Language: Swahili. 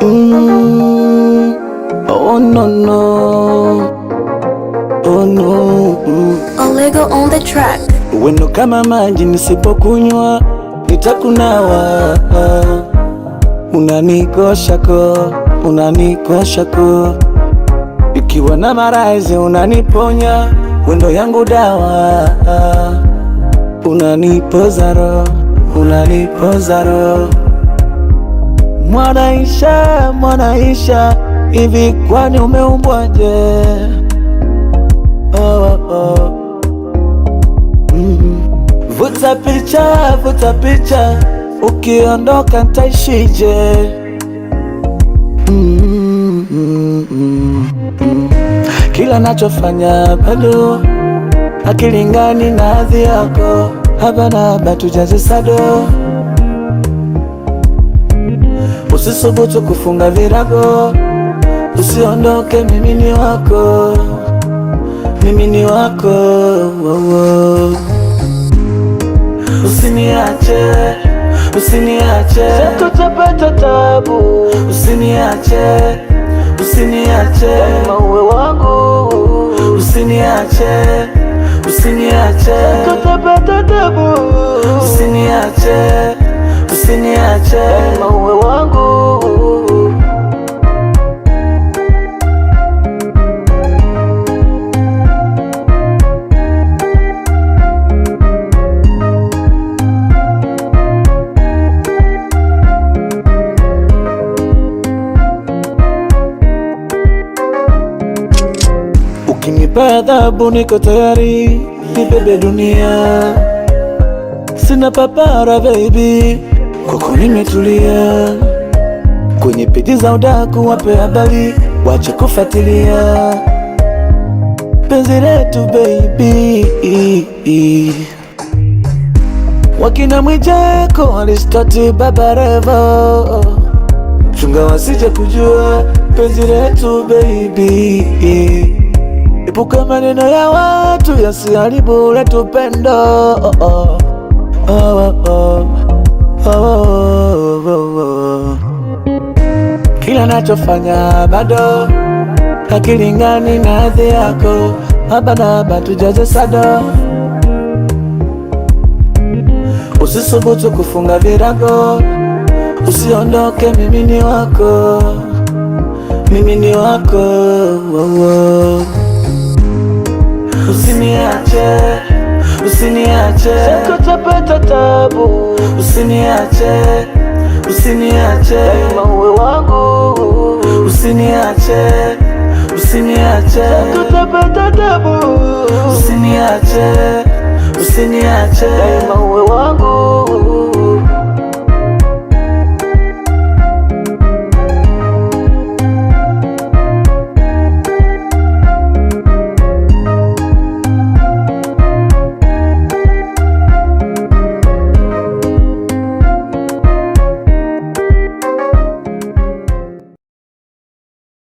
Mm, oh, oh, kama maji nisipokunywa nitakunawa, unanikoshako unanikoshako, ikiwa na marazi unaniponya, wendo yangu dawa, unanipozaro unanipozaro Mwanaisha, Mwanaisha, hivi kwani umeumbwaje? oh, oh. mm Vuta picha, vuta picha, ukiondoka ntaishije? mm mm mm Kila nachofanya bado akilingani na hadhi yako, habana na haba Usisubutu kufunga virago, usiondoke, mimi ni wako, mimi ni wako oh, oh. Usiniache, usiniache, tutapata tabu, usiniache, usiniache, mawe wangu, usiniache, usiniache, tutapata tabu, usiniache, usiniache pa adhabu niko tayari, nibebe dunia, sina papara baby, kwako nimetulia. Kwenye peji za udaku wape habari, wache kufuatilia penzi letu baby. Wakina Mwijako walistati Baba revo, chunga wasije kujua penzi letu baby. Epuka maneno ya watu yasiharibu letu pendo. Kila nachofanya bado hakilingani na hadhi yako, habanaba tujaze sado. Usisubutu kufunga virago, usiondoke, mimi ni wako, mimi ni wako, oh, oh. Usiniache, usiniache, sikutapata tabu, usiniache, usiniache, daima uwe wangu, usiniache, usiniache, sikutapata tabu, usiniache, usiniache, daima uwe wangu